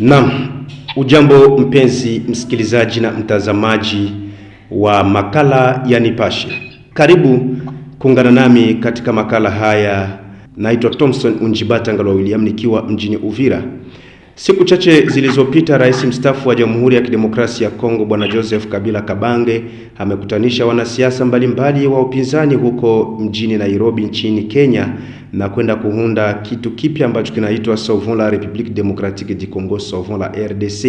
Naam, ujambo mpenzi msikilizaji na mtazamaji wa makala ya Nipashe. Karibu kuungana nami katika makala haya. Naitwa Thompson Unjibata Ngalwa William nikiwa mjini Uvira. Siku chache zilizopita, Rais mstaafu wa Jamhuri ya Kidemokrasia ya Kongo Bwana Joseph Kabila Kabange amekutanisha wanasiasa mbalimbali wa upinzani huko mjini Nairobi nchini Kenya na kwenda kuunda kitu kipya ambacho kinaitwa Sauvons la République Démocratique du Congo, Sauvons la RDC.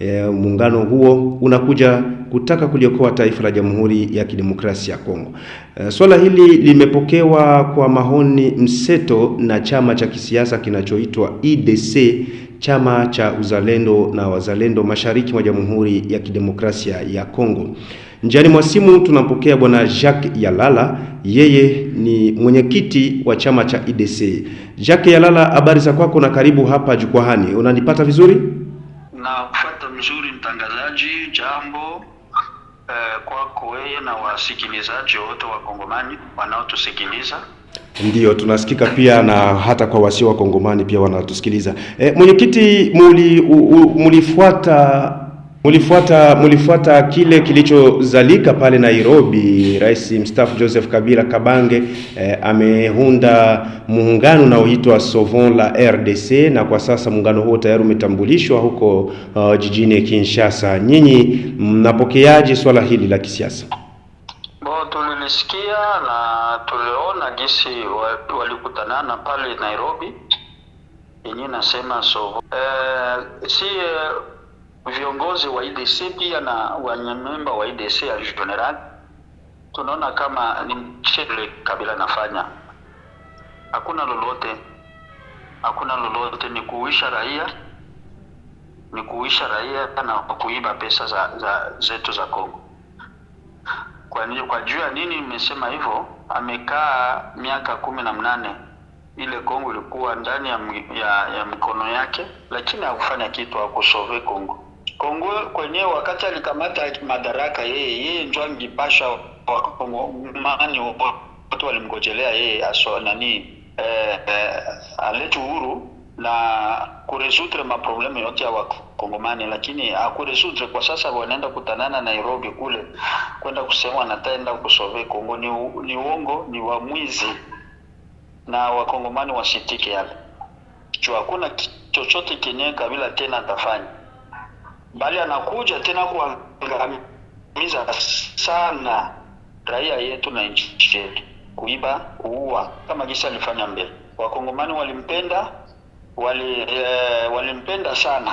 E, eh, muungano huo unakuja kutaka kuliokoa taifa la Jamhuri ya Kidemokrasia ya Kongo. E, eh, swala hili limepokewa kwa mahoni mseto na chama cha kisiasa kinachoitwa IDC, chama cha uzalendo na wazalendo mashariki mwa Jamhuri ya Kidemokrasia ya Kongo. Njiani mwa simu tunampokea bwana Jacques Yalala, yeye ni mwenyekiti wa chama cha IDC. Jacques Yalala, habari za kwako na karibu hapa jukwaani. Unanipata vizuri? Na kupata mzuri mtangazaji, jambo eh, kwako wewe na wasikilizaji wote wa Kongomani wanaotusikiliza. Ndiyo, tunasikika pia na hata kwa wasio wa Kongomani pia wanatusikiliza. Eh, mwenyekiti, mulifuata Mulifuata, mulifuata kile kilichozalika pale Nairobi. Rais mstaafu Joseph Kabila Kabange eh, ameunda muungano unaoitwa Sovon la RDC, na kwa sasa muungano huo tayari umetambulishwa huko uh, jijini Kinshasa. Nyinyi mnapokeaje swala hili la kisiasa? Bo, tulilisikia na tuliona jinsi walikutanana pale Nairobi yenyewe nasema Sovon Eh, si eh, viongozi wa IDC pia na wanyamemba wa IDC ya general, tunaona kama ni mchele Kabila nafanya, hakuna lolote, hakuna lolote, ni kuuisha raia, ni kuuisha raia na kuiba pesa za, za zetu za Kongo. Kwa, kwa juu ya nini nimesema hivyo? Amekaa miaka kumi na mnane ile Kongo ilikuwa ndani ya, ya, ya mkono yake, lakini hakufanya kitu, hakusove Kongo. Kongo kwenye wakati alikamata madaraka yeye yeye ndio angipasha wakongomani watu walimgojelea yeye aso nani eh, eh, alete uhuru na kuresudre maproblemu yote ya wakongomani, lakini akuresoudre kwa sasa. Wanaenda kutanana Nairobi kule kwenda kusema nataenda kusove Kongo. Ni, ni uongo, ni wamwizi na wakongomani wasitike yale juu hakuna chochote kenye kabila tena atafanya bali anakuja tena kuangamiza sana raia yetu na nchi yetu, kuiba, kuua kama jinsi alifanya mbele. Wakongomani walimpenda wali, e, walimpenda sana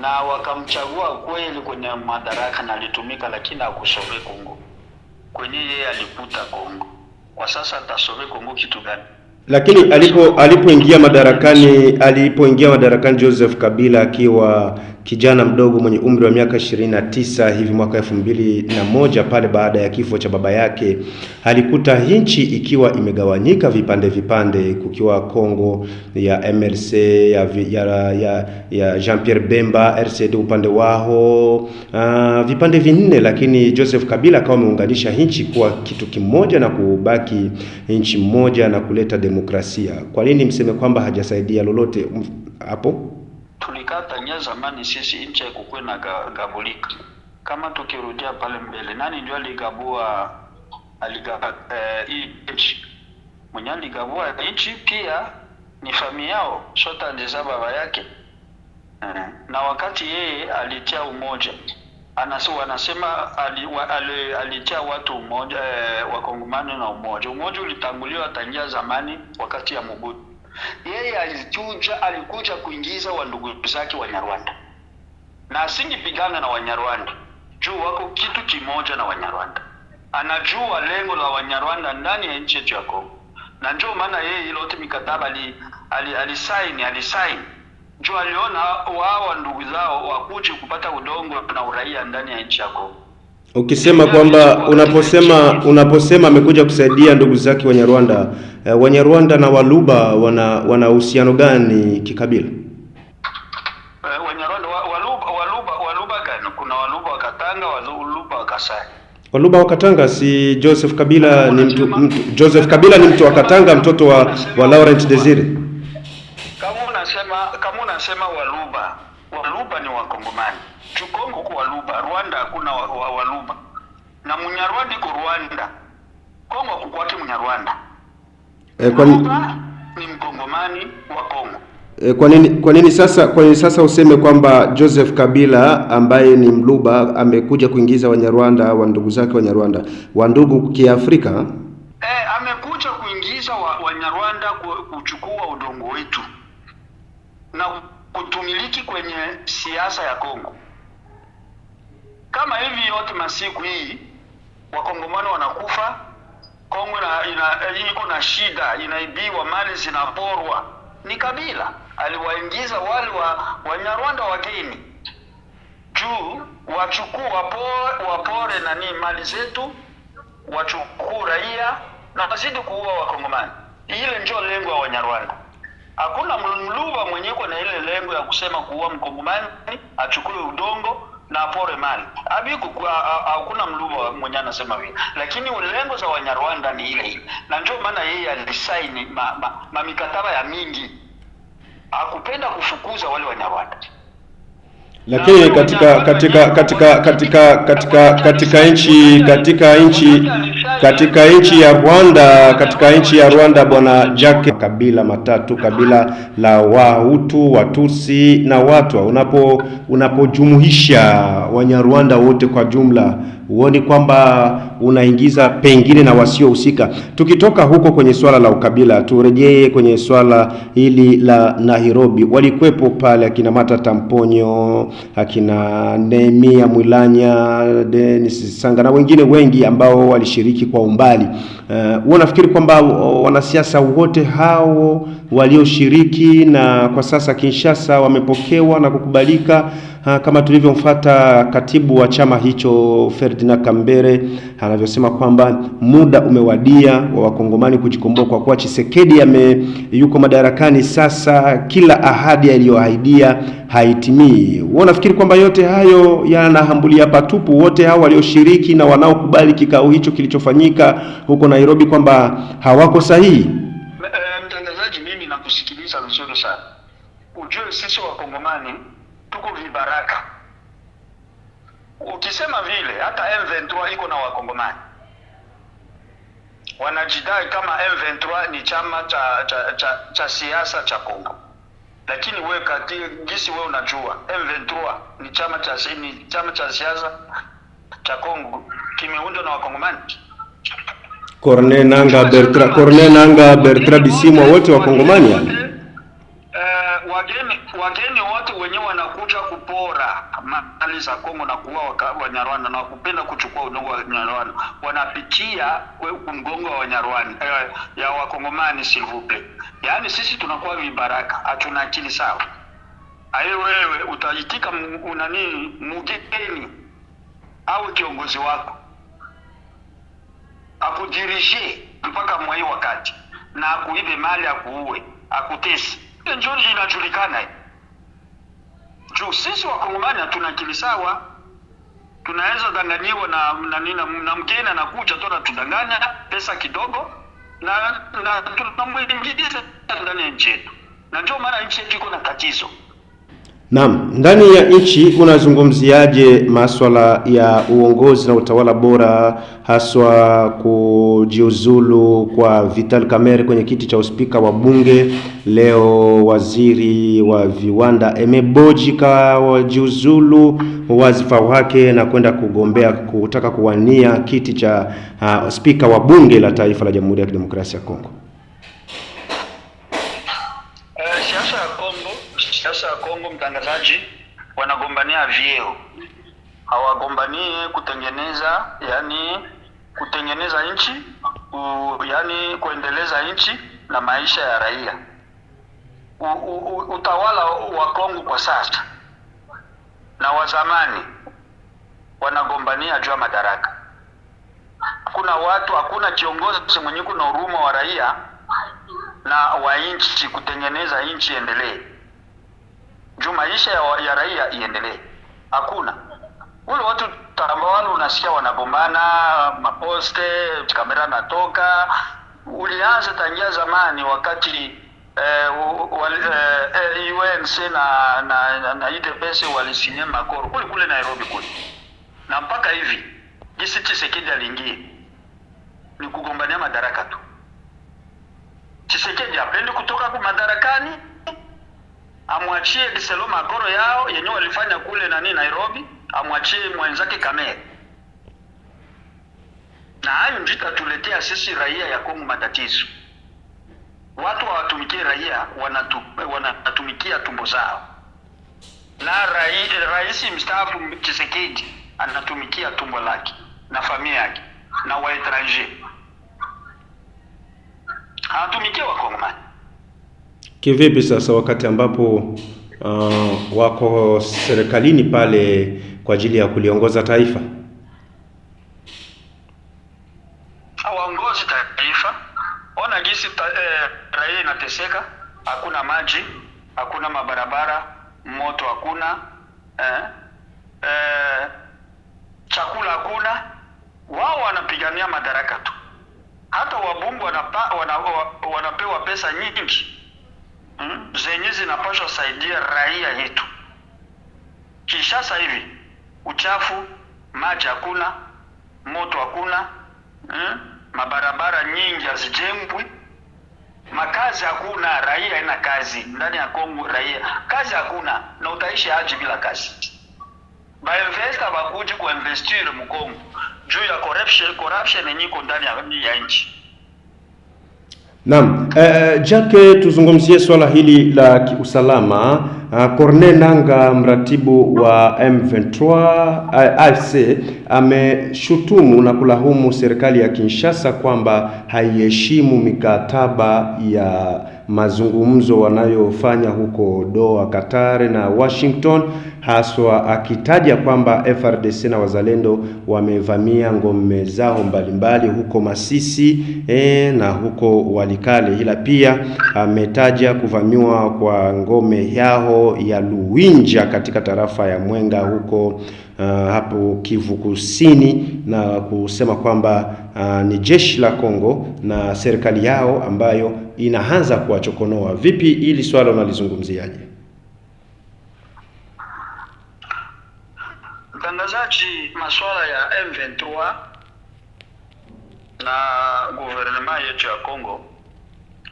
na wakamchagua kweli kwenye madaraka na alitumika, lakini akusome Kongo kwenye yeye alikuta Kongo. Kwa sasa atasome Kongo kitu gani? Lakini alipo alipoingia madarakani alipoingia madarakani Joseph Kabila akiwa kijana mdogo mwenye umri wa miaka 29 hivi mwaka elfu mbili na moja pale baada ya kifo cha baba yake, alikuta nchi ikiwa imegawanyika vipande vipande, kukiwa Kongo ya MLC ya, ya, ya, ya Jean Pierre Bemba RCD upande wao uh, vipande vinne, lakini Joseph Kabila akawa ameunganisha nchi kuwa kitu kimoja na kubaki nchi moja na kuleta demokrasia. Kwa nini mseme kwamba hajasaidia lolote hapo? tulikatanya zamani sisi nchi haikukuwa na gabulika. Kama tukirudia pale mbele, nani ndio aligabua eh, nchi mwenye aligabua nchi pia ni fami yao shota baba yake eh, na wakati yeye alitia umoja anasu anasema ali, ali, alitia watu umoja eh, wakongomani na umoja. Umoja ulitanguliwa tangia zamani wakati ya Mobutu yeye alichuja alikuja kuingiza wa ndugu zake Wanyarwanda, na asingepigana na Wanyarwanda juu wako kitu kimoja na Wanyarwanda. Anajua lengo la Wanyarwanda ndani ya nchi yetu ya Kongo, na ndio maana yeye ilote mikataba ali alisaini ali alisaini juu aliona wao ndugu zao wakuje kupata udongo na uraia ndani ya nchi ya Kongo. Ukisema kwamba unaposema unaposema amekuja kusaidia ndugu zake Wanyarwanda Eh, wenye Wanyarwanda na Waluba wana wana uhusiano gani kikabila? Eh, Wanyarwanda wa, Waluba, Waluba, Waluba gani? Kuna Waluba wa Katanga, Waluba wa Kasai. Waluba wa Katanga si Joseph Kabila ni mtu, mtu Joseph Kabila ni mtu wa Katanga, mtoto wa, wa Laurent Desire. Kama unasema kama unasema Waluba, Waluba ni Wakongomani. Chukongo kwa Waluba, Rwanda hakuna Wa, Waluba. na Munyarwanda kwa Rwanda. Kongo kwake Munyarwanda. E, eh, kwa nini ni mkongomani wa Kongo? E, kwa nini kwa nini sasa kwa nini sasa useme kwamba Joseph Kabila ambaye ni mluba amekuja kuingiza Wanyarwanda wa ndugu zake Wanyarwanda wa ndugu Kiafrika? E, amekuja kuingiza Wanyarwanda wa kuchukua udongo wetu na kutumiliki kwenye siasa ya Kongo. Kama hivi yote masiku hii wakongomani wanakufa Kongo eh, iko na shida, inaibiwa, mali zinaporwa, ni kabila aliwaingiza wale wa Wanyarwanda wageni juu wachukua wapore, wapore nani mali zetu, wachukuu raia na wazidi kuua Wakongomani. Ile ndio lengo ya Wanyarwanda. Hakuna mluva mwenye iko na ile lengo ya kusema kuua Mkongomani achukue udongo na apore mali abiku hakuna mluma mwenye anasema vile, lakini lengo za Wanyarwanda ni ile ile, na ndio maana yeye alisaini mamikataba ma, ma, ya mingi, hakupenda kufukuza wale Wanyarwanda lakini katika katika katika katika katika katika nchi katika nchi katika nchi ya Rwanda katika nchi ya Rwanda, bwana Jacques, kabila matatu, kabila la Wahutu, Watusi na Watwa, unapo unapojumuisha Wanyarwanda wote kwa jumla, huoni kwamba unaingiza pengine na wasiohusika. Tukitoka huko kwenye swala la ukabila, turejee kwenye swala hili la Nairobi. Walikuwepo pale akina Mata Tamponyo, akina Nehemia Mwilanya, Dennis Sanga na wengine wengi ambao walishiriki kwa umbali. Uh, unafikiri kwamba uh, wanasiasa wote hao walioshiriki na kwa sasa Kinshasa wamepokewa na kukubalika Ah, kama tulivyomfuata katibu wa chama hicho Ferdinand Kambere anavyosema kwamba muda umewadia wa wakongomani kujikomboa, kwa kuwa Chisekedi ame yuko madarakani sasa, kila ahadi aliyoahidia haitimii. Wewe unafikiri kwamba yote hayo yanahambulia patupu? Wote hao walioshiriki na wanaokubali kikao hicho kilichofanyika huko Nairobi kwamba hawako sahihi? Eh, mtangazaji, mimi nakusikiliza vizuri sana. Ujue sisi wakongomani tuko vibaraka. Ukisema vile, hata M23 iko na wakongomani wanajidai kama M23 ni chama cha, cha, cha, cha siasa cha Kongo, lakini wewe kati, gisi we unajua M23 ni chama cha, ni chama cha siasa cha Kongo kimeundwa na wakongomani. Corne Nanga Bertrand, Corne Nanga Bertrand Bisimwa, wote wakongomani yani Eh, wageni wageni wote wenyewe wanakuja kupora mali za Kongo na kuua Wanyarwanda na kupenda kuchukua udongo wa Wanyarwanda, wanapitia mgongo wa Wanyarwanda eh, ya Wakongomani sivupe. Yaani sisi tunakuwa vibaraka, hatuna akili sawa. Aye wewe utaitika unani mugeni au kiongozi wako akudirije mpaka mwai wakati na akuibe mali akuue akutesi Njoli inajulikana juu sisi wakongomani hatuna akili sawa, tunaweza danganyiwa na na, na mgeni anakuja tu tudanganya pesa kidogo na na tunamwingiza ndani ya nchi yetu, na ndio maana nchi yetu iko na tatizo. Naam, ndani ya nchi unazungumziaje masuala ya uongozi na utawala bora, haswa kujiuzulu kwa Vital Kamerhe kwenye kiti cha uspika wa bunge? Leo waziri wa viwanda emebojika wajiuzulu wazifa wake na kwenda kugombea kutaka kuwania kiti cha uh, spika wa bunge la taifa la Jamhuri ya Kidemokrasia ya Kongo. wanagombania vyeo, hawagombanie kutengeneza, yani kutengeneza nchi, yani kuendeleza nchi na maisha ya raia. U, u, utawala wa Kongo kwa sasa na wa zamani wanagombania jua madaraka. Hakuna watu, hakuna kiongozi mwenye kuna huruma wa raia na wa nchi, kutengeneza nchi endelee juu maisha ya, ya raia iendelee. Hakuna wale watu tambawalo, unasikia wanagombana maposte, kamera natoka. Ulianza tangia zamani wakati eh, eh, eh UNC na na, na, na UDPS walisinyia makoro kule kule Nairobi kule, na mpaka hivi jinsi Tshisekedi aliingie ni kugombania madaraka tu. chisekedi hapendi kutoka madarakani amwachie Diselo makoro yao yenye walifanya kule nani Nairobi, amwachie mwenzake Kamere, na hayo ndio itatuletea sisi raia ya Kongo matatizo. Watu hawatumikie raia, wanatu, wanatumikia tumbo zao, na raisi rais mstaafu Tshisekedi anatumikia tumbo lake na familia yake na waetranger, hawatumikie Wakongomani. Kivipi sasa wakati ambapo uh, wako serikalini pale kwa ajili ya kuliongoza taifa? Hawaongozi taifa. Ona jinsi ta, eh, raia inateseka, hakuna maji, hakuna mabarabara, moto hakuna, eh, eh, chakula hakuna. Wao wanapigania madaraka tu. Hata wabungu wanapa, wana, wanapewa pesa nyingi hmm? zenye zinapaswa saidia raia yetu. sasa hivi uchafu, maji hakuna, moto hakuna hmm? mabarabara nyingi hazijengwi, makazi hakuna, raia haina kazi ndani ya Kongo, raia kazi hakuna, na utaishi aje bila kazi? Bainvesta bakuji kuinvestire mu juu ya corruption, corruption yenye iko ndani ya nchi Naam, uh, eh, eh, Jacke tuzungumzie swala hili la kiusalama. Ah, Corne Nanga, mratibu wa M23 eh, AFC, ameshutumu na kulahumu serikali ya Kinshasa kwamba haiheshimu mikataba ya mazungumzo wanayofanya huko Doha, Qatar na Washington, haswa akitaja kwamba frdc na wazalendo wamevamia ngome zao mbalimbali huko Masisi e, na huko Walikale, ila pia ametaja kuvamiwa kwa ngome yao ya Luwinja katika tarafa ya Mwenga huko uh, hapo Kivu Kusini na kusema kwamba uh, ni jeshi la Kongo na serikali yao ambayo inaanza kuwachokonoa. Vipi ili swala unalizungumziaje? Mtangazaji, masuala ya M23 na guvernema yetu ya Kongo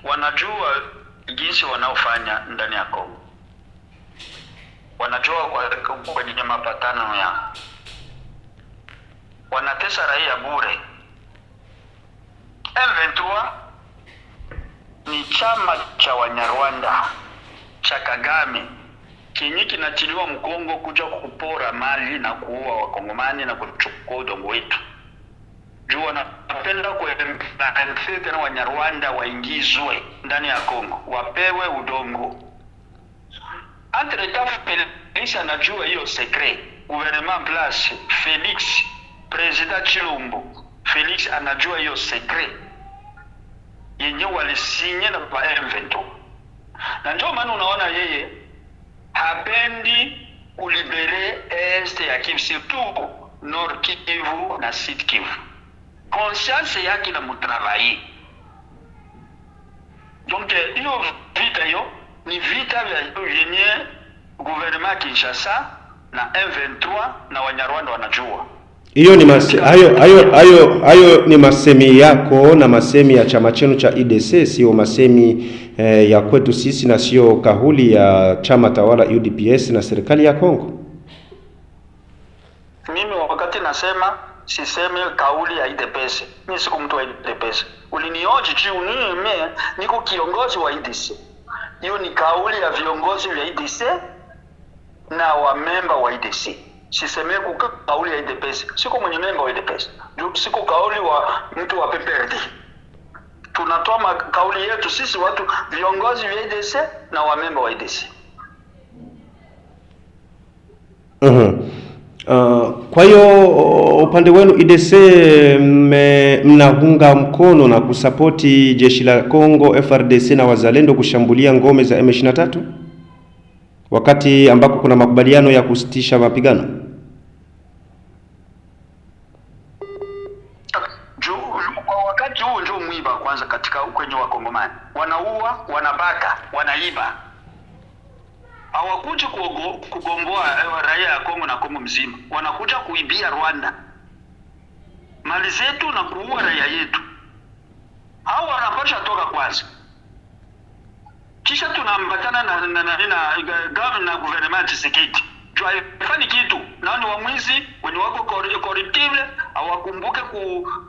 wanajua jinsi wanaofanya ndani ya Kongo, wanajua kwenye mapatano ya wanatesa raia bure M23 ni chama cha Wanyarwanda cha Kagame kenye kinatiliwa mkongo kuja kupora mali na kuua wakongomani na kuchukua udongo wetu juu wanapenda tena Wanyarwanda waingizwe ndani ya Kongo wapewe udongo. Entretemps Felix anajua hiyo secret. gouvernement place Felix, president Chilumbu Felix anajua hiyo sekre yenye walisinye na baba M23, na ndio maana unaona yeye hapendi kulibere est ya Kivu, surtout Nord Kivu na Sud Kivu. Conscience yake na mutravaye donc hiyo vita hiyo ni vita yenye gouvernement Kinshasa na M23 na Wanyarwanda wanajua hiyo ni mase, hayo, ayo, ayo, ayo ni masemi yako na masemi ya chama chenu cha IDC, sio masemi eh, ya kwetu sisi na sio kauli ya chama tawala UDPS na serikali ya Kongo. Mimi wakati nasema sisemi kauli ya IDPS. Mimi siku mtu wa IDPS. Ulinioji juu mimi niko kiongozi wa IDC. Hiyo ni kauli ya viongozi vya IDC na wa memba wa IDC sisemeko kauli ya UDPS, siko mwenye memba wa UDPS, siko kauli wa mtu wa PPRD. Tunatoa makauli yetu sisi watu viongozi wa UDC na wamemba wa UDC. Mm-hmm. Uh, kwa hiyo upande wenu IDC mnaunga mkono na kusapoti jeshi la Kongo FRDC na wazalendo kushambulia ngome za M23 wakati ambako kuna makubaliano ya kusitisha mapigano. wanaiba hawakuja kugomboa eh, raia ya Kongo na Kongo mzima, wanakuja kuibia Rwanda mali zetu na kuua raia yetu. Hao wanapasha toka kwanza, kisha tunaambatana na, na, na, na, na guvernema ya Tshisekedi juu haifani kitu, nao ni wamwizi wenye wako corruptible, hawakumbuke ku,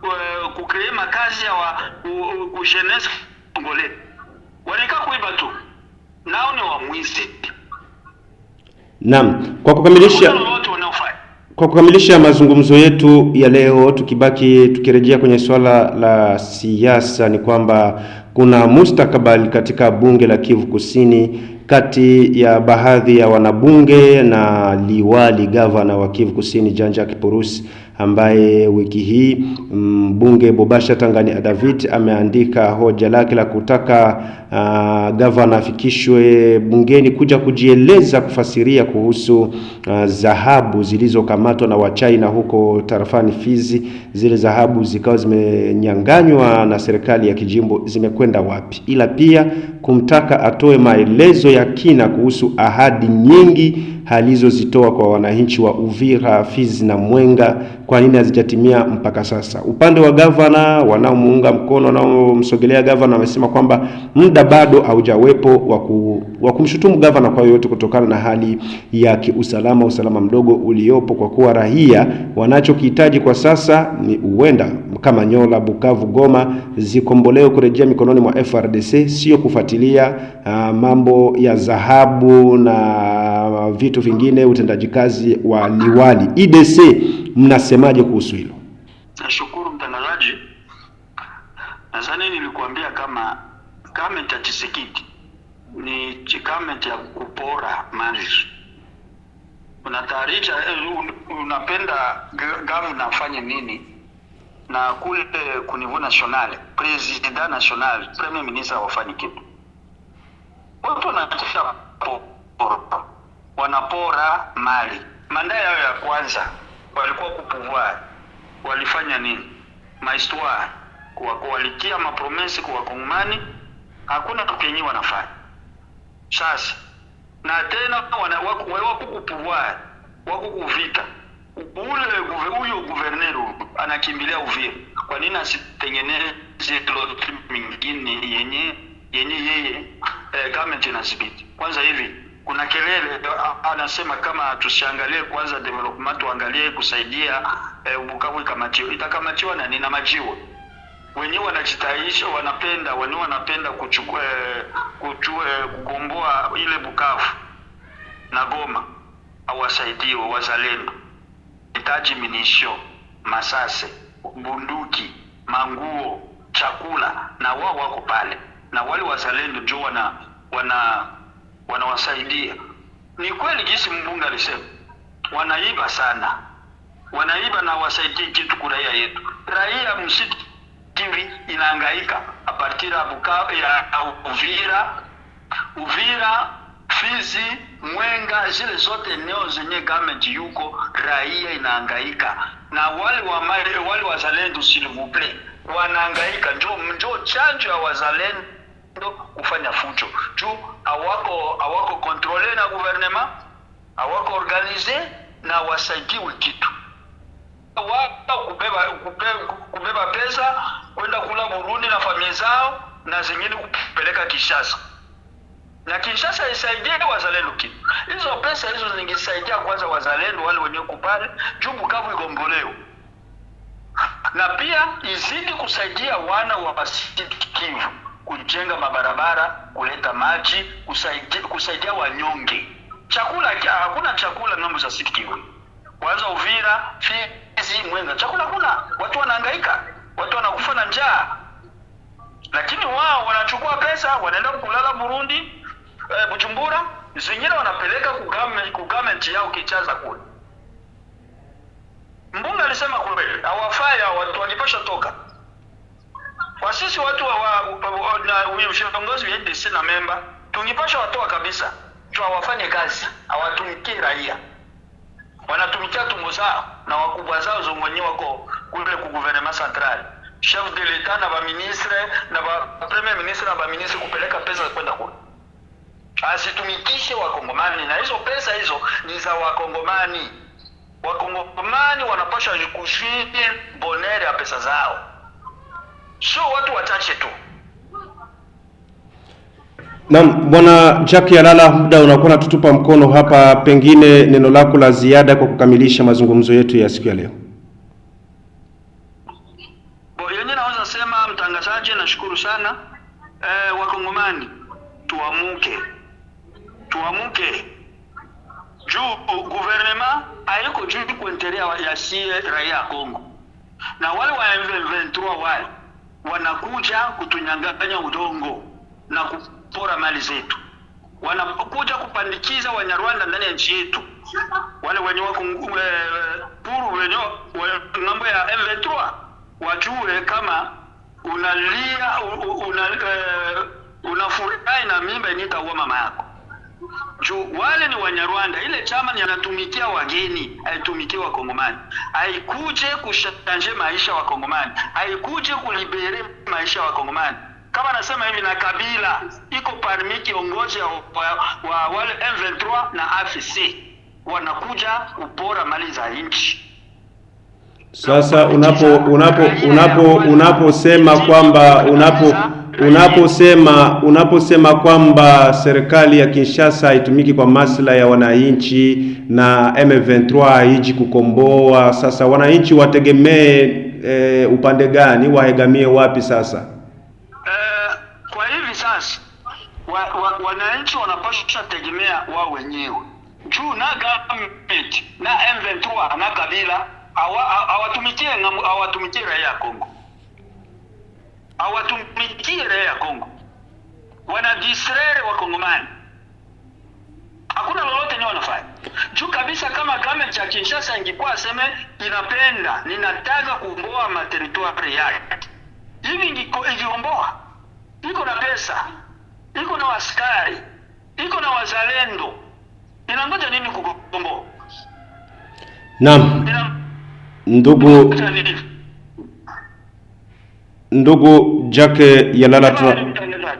eh, ku, kukree makazi ya wa, ku, ku, ku jeunesse congolais, walikaa kuiba tu nao ni wamwizi. Naam, kwa kukamilisha kwa kukamilisha mazungumzo yetu ya leo, tukibaki tukirejea kwenye swala la siasa, ni kwamba kuna mustakabali katika bunge la Kivu Kusini kati ya baadhi ya wanabunge na liwali gavana wa Kivu Kusini Jean-Jacques Purusi ambaye wiki hii mbunge mm, Bobasha Tangani David ameandika hoja lake la kutaka uh, gavana afikishwe bungeni kuja kujieleza kufasiria kuhusu uh, dhahabu zilizokamatwa na Wachina huko tarafani Fizi. Zile dhahabu zikawa zimenyanganywa na serikali ya kijimbo zimekwenda wapi? Ila pia kumtaka atoe maelezo ya kina kuhusu ahadi nyingi alizozitoa kwa wananchi wa Uvira, Fizi na Mwenga, kwa nini hazijatimia mpaka sasa? Upande wa gavana, wanaomuunga mkono, wanaomsogelea gavana wamesema kwamba muda bado haujawepo wa kumshutumu gavana kwa yoyote kutokana na hali ya kiusalama, usalama mdogo uliopo, kwa kuwa raia wanachokihitaji kwa sasa ni uenda kama Nyola, Bukavu, Goma zikombolewe kurejea mikononi mwa FRDC, sio kufuatilia uh, mambo ya dhahabu na vitu vingine, utendaji kazi wa liwali. IDC mnasemaje kuhusu hilo? Nashukuru mtangazaji, nadhani nilikuambia kama kamati ya ni kamati ya kupora mali unatayarisha, eh, unapenda gamu nafanye nini na kule ku niveau national president national premier ministre hawafani kitu. Watu wanachosha wanapora mali. Manda yao ya kwanza walikuwa kupouvoir, walifanya nini? Mahistoire walitia mapromesi kwa wakongomani, hakuna kenye wanafanya sasa. Na tena wako kupouvoir, wako kuvita ule huyo guverneri anakimbilia Uvira, kwa nini asitengeneze ploti mingine yenye yenye yeye eh, government inadhibiti? Kwanza hivi kuna kelele anasema kama tusiangalie kwanza development, tuangalie kusaidia eh, Bukavu ikamatiwa. Itakamatiwa na nina majiwa wenyewe wanajitayarisha, wanapenda wenyewe wanapenda kuchukua eh, eh kugomboa ile Bukavu na Goma, awasaidiwe wazalendo hitaji minisho masase, bunduki, manguo, chakula, na wao wako pale, na wale wazalendo ndio wana wana wanawasaidia. Ni kweli jinsi mbunge alisema, wanaiba sana, wanaiba na wasaidii kitu kuraia yetu. Raia TV inahangaika apartira ya Uvira, Uvira, Fizi, Mwenga, zile zote eneo zenye government yuko, raia inahangaika na wale wa mare, wale wazalendo s'il vous plaît wanaangaika, njo njo chanjo ya wazalendo kufanya fujo juu awako awako kontrole na gouvernement awako organize na wasaidiwe kitu wao kubeba, kubeba, kubeba pesa kwenda kula Burundi na familia zao na zingine kupeleka Kishasa lakini sasa isaidie wazalendo kitu. Hizo pesa hizo zingesaidia kwanza wazalendo wale wenye kupale juu Bukavu igombolewe, na pia izidi kusaidia wana wa Kivu kujenga mabarabara, kuleta maji, kusaidia, kusaidia wanyonge chakula. Hakuna chakula ngambo za Kivu, kwanza Uvira, Fizi, Mwenga, chakula kuna watu wanahangaika, watu wanakufa na njaa, lakini wao wanachukua pesa wanaenda kulala Burundi eh, Bujumbura zingine wanapeleka ku government yao kichaza kule. Mbunge alisema kweli, hawafai hao watu wanipasha toka kwa sisi watu wa, wa, wa, na viongozi na memba tungipasha watoa kabisa juu wafanye kazi, hawatumikie raia, wanatumikia tumbo zao na wakubwa zao zongonyi wako kule ku gouvernement central chef de l'etat na ba ministre na ba premier ministre na ba ministre kupeleka pesa kwenda kule azitumikishe Wakongomani, na hizo pesa hizo ni za Wakongomani. Wakongomani wanapasha kushiri bonere ya pesa zao, sio watu wachache tu. nam Bwana Jack Yalala, muda unakuwa natutupa mkono hapa, pengine neno lako la ziada kwa kukamilisha mazungumzo yetu ya siku ya leo. Yenye naweza sema mtangazaji, nashukuru sana. E, Wakongomani tuamuke tuamke juu guvernema ayeko juu kuentelea ya sie eh, raia ya Kongo, na wale wa M23 wale wanakuja kutunyang'anya udongo na kupora mali zetu, wanakuja kupandikiza Wanyarwanda ndani ya nchi yetu, wale wenye wako eh, puru wenye ng'ambo ya M23 wajue kama unalia una, eh, na mimba initaua mama yako juu wale ni Wanyarwanda. Ile chama ni anatumikia wageni, aitumikie Wakongomani, aikuje kushanje maisha Wakongomani, aikuje kulibere maisha Wakongomani. Kama nasema hivi, na Kabila iko parmi kiongozi wa wale M23 na AFC wanakuja kupora mali za nchi. Sasa unapo unapo unaposema unapo kwamba unapo unaposema unaposema kwamba serikali ya Kinshasa haitumiki kwa maslahi ya wananchi na M23 haiji kukomboa, sasa wananchi wategemee e, upande gani? Waegamie wapi sasa? Uh, kwa hivi sasa wa, wa, wananchi wanapaswa tegemea wao wenyewe juu na government na M23 na kabila hawatumikie hawa raia ya Kongo hawatumikie raia ya Kongo, wanadisraeli wa Kongomani, hakuna lolote ni wanafanya juu kabisa. Kama government cha Kinshasa ingekuwa aseme inapenda ninataka kuomboa materitoire yake hivi, ingiomboa iko na pesa, iko na waskari, iko na wazalendo, inangoja nini kugomboa? Naam, ndugu ndugu Jake Yalala tuna...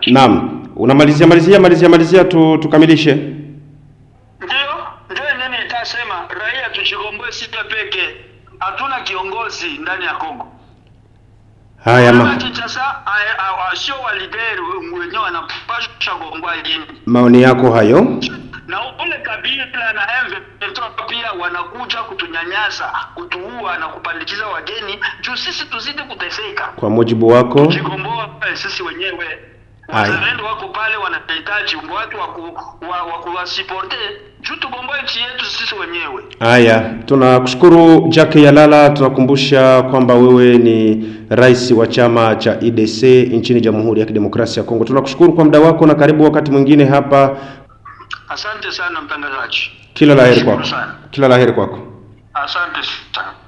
Naam, unamalizia malizia malizia malizia tu, tukamilishe. Ndio, ndio nini nitasema, raia tujikomboe sisi peke. Hatuna kiongozi ndani ya Kongo. Haya ma. Sio mwenyewe anapasha Maoni yako hayo na ule kabila na M23 pia wanakuja kutunyanyasa, kutuua na kupandikiza wageni juu sisi tuzidi kuteseka. Kwa mujibu wako, tujikomboa sisi wenyewe. Wazalendo wako pale wanahitaji watu wa kuwasiporte juu tugomboe nchi yetu sisi wenyewe. Haya, tunakushukuru Jake Yalala. Tunakumbusha kwamba wewe ni rais wa chama cha IDC nchini Jamhuri ya Kidemokrasia ya Kongo. Tunakushukuru kwa muda wako na karibu wakati mwingine hapa Asante sana mtangazaji, kila laheri kwako, kila laheri kwako, asante sana.